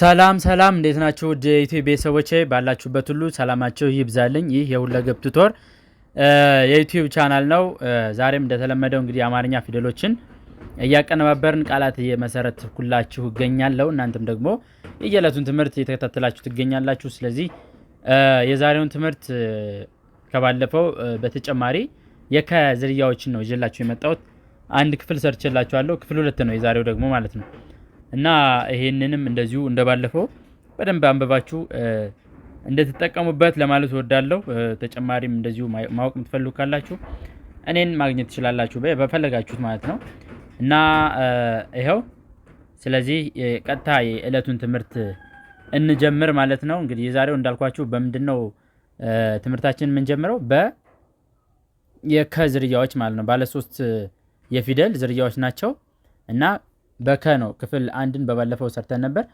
ሰላም ሰላም እንዴት ናችሁ? ውድ የኢትዮ ቤተሰቦቼ ባላችሁበት ሁሉ ሰላማቸው ይብዛልኝ። ይህ የሁለገብ ቱቶር የዩቲዩብ ቻናል ነው። ዛሬም እንደተለመደው እንግዲህ አማርኛ ፊደሎችን እያቀነባበርን ቃላት እየመሰረትኩላችሁ እገኛለሁ። እናንተም ደግሞ የየዕለቱን ትምህርት እየተከታተላችሁ ትገኛላችሁ። ስለዚህ የዛሬውን ትምህርት ከባለፈው በተጨማሪ የከ ዝርያዎችን ነው ይዤላችሁ የመጣሁት። አንድ ክፍል ሰርችላችኋለሁ። ክፍል ሁለት ነው የዛሬው ደግሞ ማለት ነው። እና ይሄንንም እንደዚሁ እንደባለፈው በደንብ አንብባችሁ እንደትጠቀሙበት ለማለት ወዳለሁ ተጨማሪም እንደዚሁ ማወቅ የምትፈልጉ ካላችሁ እኔን ማግኘት ትችላላችሁ በፈለጋችሁት ማለት ነው። እና ይኸው ስለዚህ ቀጥታ የዕለቱን ትምህርት እንጀምር ማለት ነው። እንግዲህ የዛሬው እንዳልኳችሁ በምንድን ነው ትምህርታችን የምንጀምረው? በ የከ ዝርያዎች ማለት ነው። ባለ ሶስት የፊደል ዝርያዎች ናቸው እና በከ ነው ክፍል አንድን በባለፈው ሰርተን ነበር።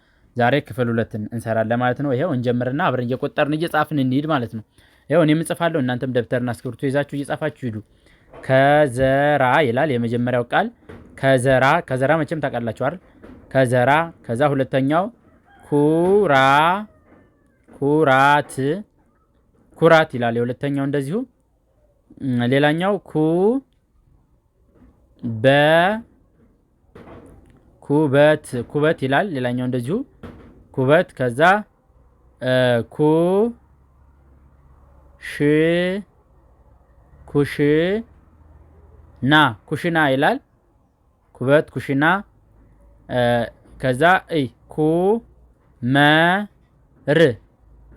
ዛሬ ክፍል ሁለትን እንሰራለን ማለት ነው። ይኸው እንጀምርና አብረን እየቆጠርን እየጻፍን እንሂድ ማለት ነው። ይኸው እኔም እጽፋለሁ፣ እናንተም ደብተርና እስክሪብቶ ይዛችሁ እየጻፋችሁ ሂዱ። ከዘራ ይላል የመጀመሪያው ቃል። ከዘራ ከዘራ መቼም ታውቃላችሁ አይደል? ከዘራ ከዛ ሁለተኛው ኩራ ኩራት ኩራት ይላል። የሁለተኛው እንደዚሁ ሌላኛው ኩ በ ኩበት ኩበት ይላል። ሌላኛው እንደዚሁ ኩበት። ከዛ ኩ ሽ ኩሽ ና ኩሽና ይላል። ኩበት ኩሽና። ከዛ እይ ኩ መ ር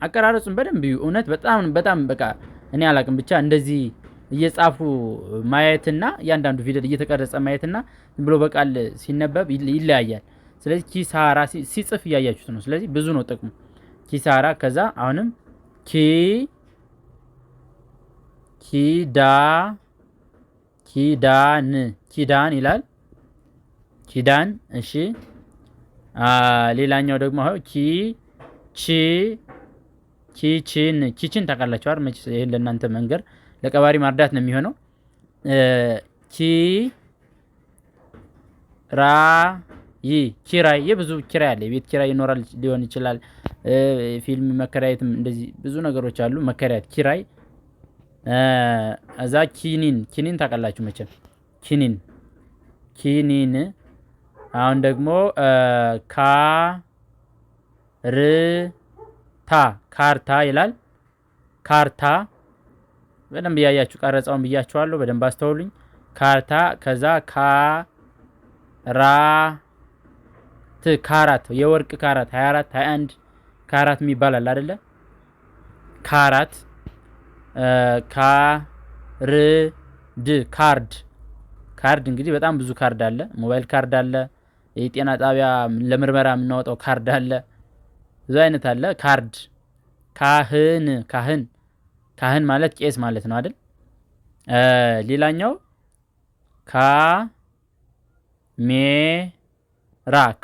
አቀራረጹን በደንብ እዩ። እውነት በጣም በጣም በቃ እኔ አላቅም ብቻ እንደዚህ እየጻፉ ማየትና እያንዳንዱ ፊደል እየተቀረጸ ማየትና ብሎ በቃል ሲነበብ ይለያያል። ስለዚህ ኪሳራ ሲጽፍ እያያችሁት ነው። ስለዚህ ብዙ ነው ጥቅሙ ኪሳራ። ከዛ አሁንም ኪ ኪዳ ኪዳን ኪዳን ይላል ኪዳን። እሺ ሌላኛው ደግሞ አሁን ኪ ቺ ኪችን ኪችን ታውቃላችሁ አይደል? መቼ ይሄን ለእናንተ መንገር ለቀባሪ ማርዳት ነው የሚሆነው። ኪ ራ ይ ኪራይ የብዙ ኪራይ አለ። የቤት ኪራይ ይኖራል ሊሆን ይችላል። ፊልም መከራየትም እንደዚህ ብዙ ነገሮች አሉ። መከራየት ኪራይ። እዛ ኪኒን ኪኒን ታውቃላችሁ መቼም ኪኒን ኪኒን። አሁን ደግሞ ካርታ ካርታ ይላል ካርታ በደንብ እያያችሁ ቀረጻውን ብያችኋለሁ። በደንብ አስተውሉኝ። ካርታ ከዛ ካራት ካራት የወርቅ ካራት 24 21 ካራት የሚባላል አይደለ? ካራት ካርድ ካርድ ካርድ እንግዲህ በጣም ብዙ ካርድ አለ። ሞባይል ካርድ አለ። የጤና ጣቢያ ለምርመራ የምናወጣው ካርድ አለ። ብዙ አይነት አለ። ካርድ ካህን ካህን ካህን ማለት ቄስ ማለት ነው አይደል? ሌላኛው ካሜራ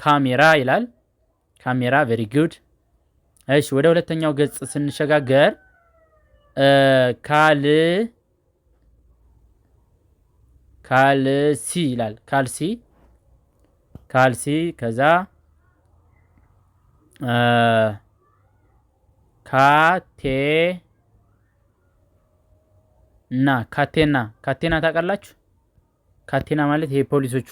ካሜራ ይላል። ካሜራ ቨሪ ጉድ። እሺ ወደ ሁለተኛው ገጽ ስንሸጋገር ካል ካልሲ ይላል። ካልሲ ካልሲ ከዛ ካቴ እና ካቴና ካቴና ታውቃላችሁ? ካቴና ማለት ይሄ ፖሊሶቹ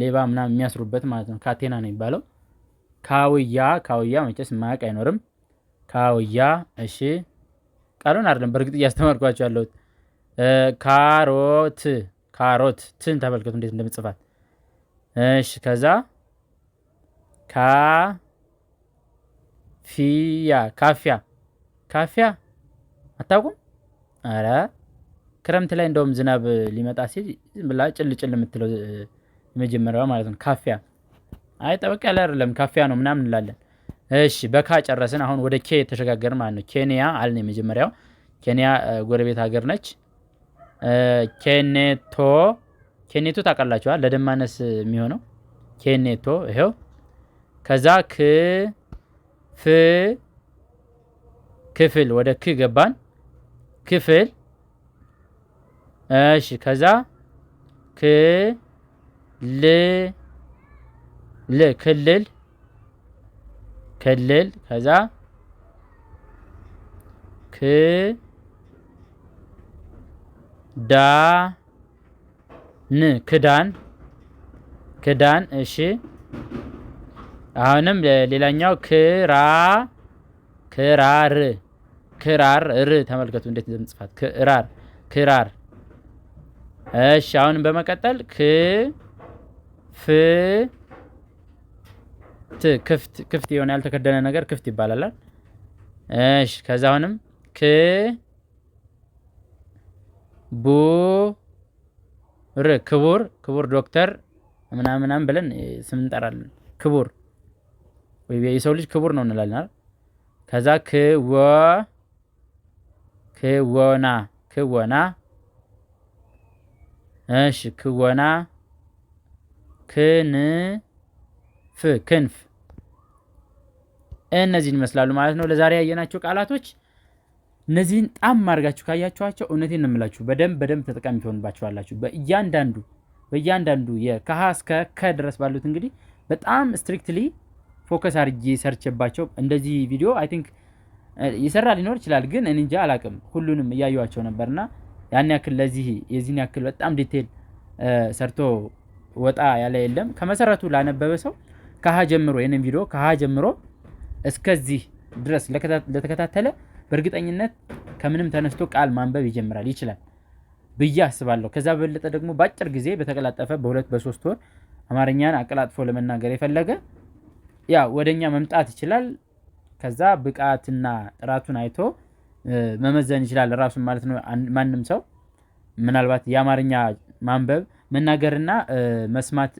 ሌባ ምናምን የሚያስሩበት ማለት ነው። ካቴና ነው የሚባለው። ካውያ ካውያ መቼስ ማያውቅ አይኖርም። ካውያ እሺ፣ ቃሉን አይደለም በእርግጥ እያስተማርኳቸው ያለሁት። ካሮት ካሮት ትን ተመልከቱ እንዴት እንደምጽፋት። እሺ፣ ከዛ ፊያ ካፊያ ካፊያ አታውቁም? አረ ክረምት ላይ እንደውም ዝናብ ሊመጣ ሲል ዝም ብላ ጭል ጭል የምትለው የመጀመሪያ ማለት ነው ካፊያ። አይ ጠበቅ ያለ አይደለም ካፊያ ነው ምናምን እንላለን። እሺ በካ ጨረስን። አሁን ወደ ኬ ተሸጋገርን ማለት ነው። ኬንያ አልን የመጀመሪያው። ኬንያ ጎረቤት ሀገር ነች። ኬኔቶ ኬኔቶ ታውቃላችኋል፣ ለደማነስ የሚሆነው ኬኔቶ ይኸው። ከዛ ክ ፍ ክፍል ወደ ክ ገባን ክፍል እሺ፣ ከዛ ክ ል ል ክልል ክልል ከዛ ክ ዳ ን ክዳን ክዳን። እሺ፣ አሁንም ሌላኛው ክራ ክራር ክራር ር ተመልከቱ እንዴት እንደምጽፋት ክራር ክራር። እሺ አሁንም በመቀጠል ክ ፍ ት ክፍት ክፍት የሆነ ያልተከደነ ነገር ክፍት ይባላል። እሺ ከዛ አሁንም ክ ቡ ር ክቡር ክቡር ዶክተር ምናምን ምናምን ብለን ስም እንጠራለን። ክቡር ወይ የሰው ልጅ ክቡር ነው እንላለን። ከዛ ወ ክወና ክወና እሺ ክወና ክንፍ ክንፍ እነዚህን ይመስላሉ ማለት ነው። ለዛሬ ያየናቸው ቃላቶች እነዚህን ጣም ማድርጋችሁ ካያችኋቸው እውነቴን ነው የምላችሁ በደንብ በደንብ ተጠቃሚ ትሆንባችኋላችሁ። በእያንዳንዱ በእያንዳንዱ ከሀ እስከ ከ ድረስ ባሉት እንግዲህ በጣም ስትሪክትሊ ፎከስ አድርጌ ሰርቼባቸው እንደዚህ ቪዲዮ አይ ቲንክ ይሰራ ሊኖር ይችላል፣ ግን እንጃ አላቅም። ሁሉንም እያየዋቸው ነበርና ያን ያክል ለዚህ የዚህን ያክል በጣም ዲቴል ሰርቶ ወጣ ያለ የለም። ከመሰረቱ ላነበበ ሰው ከሀ ጀምሮ ይህንን ቪዲዮ ከሀ ጀምሮ እስከዚህ ድረስ ለተከታተለ በእርግጠኝነት ከምንም ተነስቶ ቃል ማንበብ ይጀምራል ይችላል ብዬ አስባለሁ። ከዛ በበለጠ ደግሞ በአጭር ጊዜ በተቀላጠፈ በሁለት በሶስት ወር አማርኛን አቀላጥፎ ለመናገር የፈለገ ያ ወደኛ መምጣት ይችላል። ከዛ ብቃትና ጥራቱን አይቶ መመዘን ይችላል ራሱን ማለት ነው። ማንም ሰው ምናልባት የአማርኛ ማንበብ መናገርና መስማት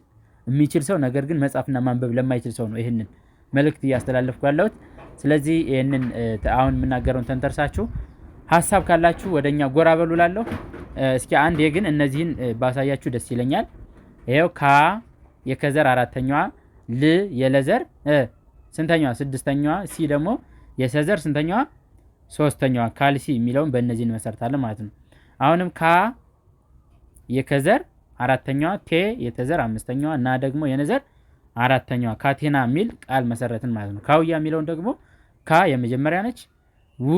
የሚችል ሰው ነገር ግን መጻፍና ማንበብ ለማይችል ሰው ነው ይህንን መልእክት እያስተላለፍኩ ያለሁት። ስለዚህ ይህንን አሁን የምናገረውን ተንተርሳችሁ ሀሳብ ካላችሁ ወደ እኛ ጎራ በሉ ላለሁ። እስኪ አንዴ ግን እነዚህን ባሳያችሁ ደስ ይለኛል። ይኸው ካ የከዘር አራተኛዋ ል የለዘር ስንተኛዋ? ስድስተኛዋ። ሲ ደግሞ የሰዘር ስንተኛዋ? ሶስተኛዋ። ካልሲ የሚለውን በእነዚህ እንመሰርታለን ማለት ነው። አሁንም ካ የከዘር አራተኛዋ፣ ቴ የተዘር አምስተኛዋ እና ደግሞ የነዘር አራተኛዋ ካቴና የሚል ቃል መሰረትን ማለት ነው። ካውያ የሚለውን ደግሞ ካ የመጀመሪያ ነች፣ ው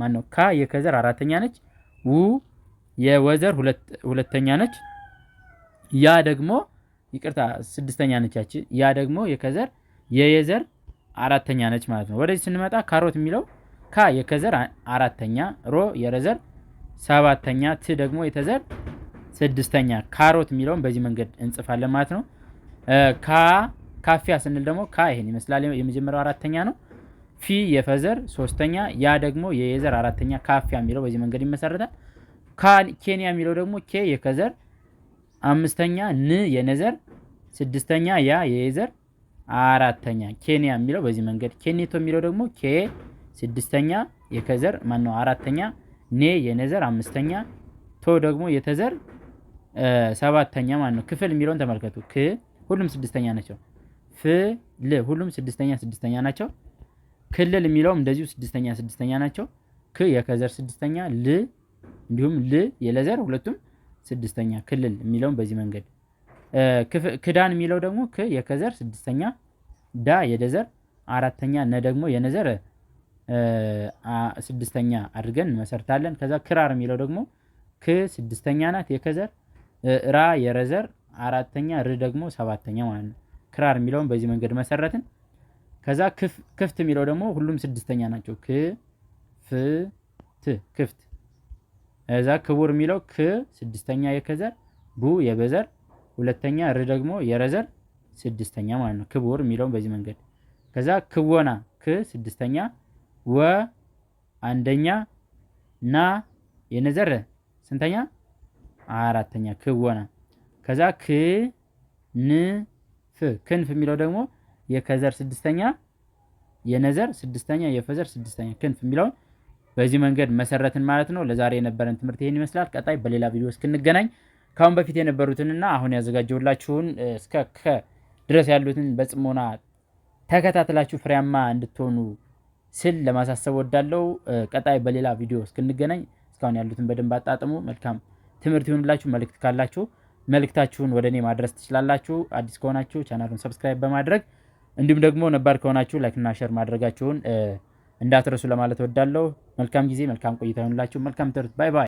ማነው ካ የከዘር አራተኛ ነች፣ ው የወዘር ሁለተኛ ነች፣ ያ ደግሞ ይቅርታ ስድስተኛ ነች ያ ደግሞ የከዘር የየዘር አራተኛ ነች ማለት ነው። ወደዚህ ስንመጣ ካሮት የሚለው ካ የከዘር አራተኛ፣ ሮ የረዘር ሰባተኛ፣ ት ደግሞ የተዘር ስድስተኛ። ካሮት የሚለውን በዚህ መንገድ እንጽፋለን ማለት ነው። ካ ካፊያ ስንል ደግሞ ካ ይሄን ይመስላል። የመጀመሪያው አራተኛ ነው። ፊ የፈዘር ሶስተኛ፣ ያ ደግሞ የየዘር አራተኛ። ካፊያ የሚለው በዚህ መንገድ ይመሰረታል። ኬንያ የሚለው ደግሞ ኬ የከዘር አምስተኛ፣ ን የነዘር ስድስተኛ፣ ያ የየዘር አራተኛ ኬንያ የሚለው በዚህ መንገድ፣ ኬኔቶ የሚለው ደግሞ ኬ ስድስተኛ የከዘር ማነው አራተኛ፣ ኔ የነዘር አምስተኛ፣ ቶ ደግሞ የተዘር ሰባተኛ ማለት ነው። ክፍል የሚለውን ተመልከቱ። ክ ሁሉም ስድስተኛ ናቸው። ፍ ል ሁሉም ስድስተኛ ስድስተኛ ናቸው። ክልል የሚለውም እንደዚሁ ስድስተኛ ስድስተኛ ናቸው። ክ የከዘር ስድስተኛ ል እንዲሁም ል የለዘር ሁለቱም ስድስተኛ ክልል የሚለው በዚህ መንገድ ክዳን የሚለው ደግሞ ክ የከዘር ስድስተኛ ዳ የደዘር አራተኛ ነ ደግሞ የነዘር ስድስተኛ አድርገን እንመሰርታለን። ከዛ ክራር የሚለው ደግሞ ክ ስድስተኛ ናት የከዘር ራ የረዘር አራተኛ ር ደግሞ ሰባተኛ ማለት ነው። ክራር የሚለውን በዚህ መንገድ መሰረትን። ከዛ ክፍት የሚለው ደግሞ ሁሉም ስድስተኛ ናቸው። ክ ፍ ት ክፍት። ከዛ ክቡር የሚለው ክ ስድስተኛ የከዘር ቡ የበዘር ሁለተኛ ር ደግሞ የረዘር ስድስተኛ ማለት ነው። ክቡር የሚለውን በዚህ መንገድ ከዛ ክወና ክ ስድስተኛ፣ ወ አንደኛ፣ ና የነዘር ስንተኛ? አራተኛ ክወና። ከዛ ክ ን ፍ ክንፍ የሚለው ደግሞ የከዘር ስድስተኛ፣ የነዘር ስድስተኛ፣ የፈዘር ስድስተኛ ክንፍ የሚለውን በዚህ መንገድ መሰረትን ማለት ነው። ለዛሬ የነበረን ትምህርት ይሄን ይመስላል። ቀጣይ በሌላ ቪዲዮ እስክንገናኝ ከአሁን በፊት የነበሩትንና አሁን ያዘጋጀውላችሁን እስከ ከ ድረስ ያሉትን በጽሞና ተከታትላችሁ ፍሬያማ እንድትሆኑ ስል ለማሳሰብ ወዳለው። ቀጣይ በሌላ ቪዲዮ እስክንገናኝ እስካሁን ያሉትን በደንብ አጣጥሙ። መልካም ትምህርት ይሁንላችሁ። መልእክት ካላችሁ መልእክታችሁን ወደ እኔ ማድረስ ትችላላችሁ። አዲስ ከሆናችሁ ቻናሉን ሰብስክራይብ በማድረግ እንዲሁም ደግሞ ነባር ከሆናችሁ ላይክና ሸር ማድረጋችሁን እንዳትረሱ ለማለት ወዳለው። መልካም ጊዜ፣ መልካም ቆይታ ይሁንላችሁ። መልካም ትምህርት። ባይ ባይ።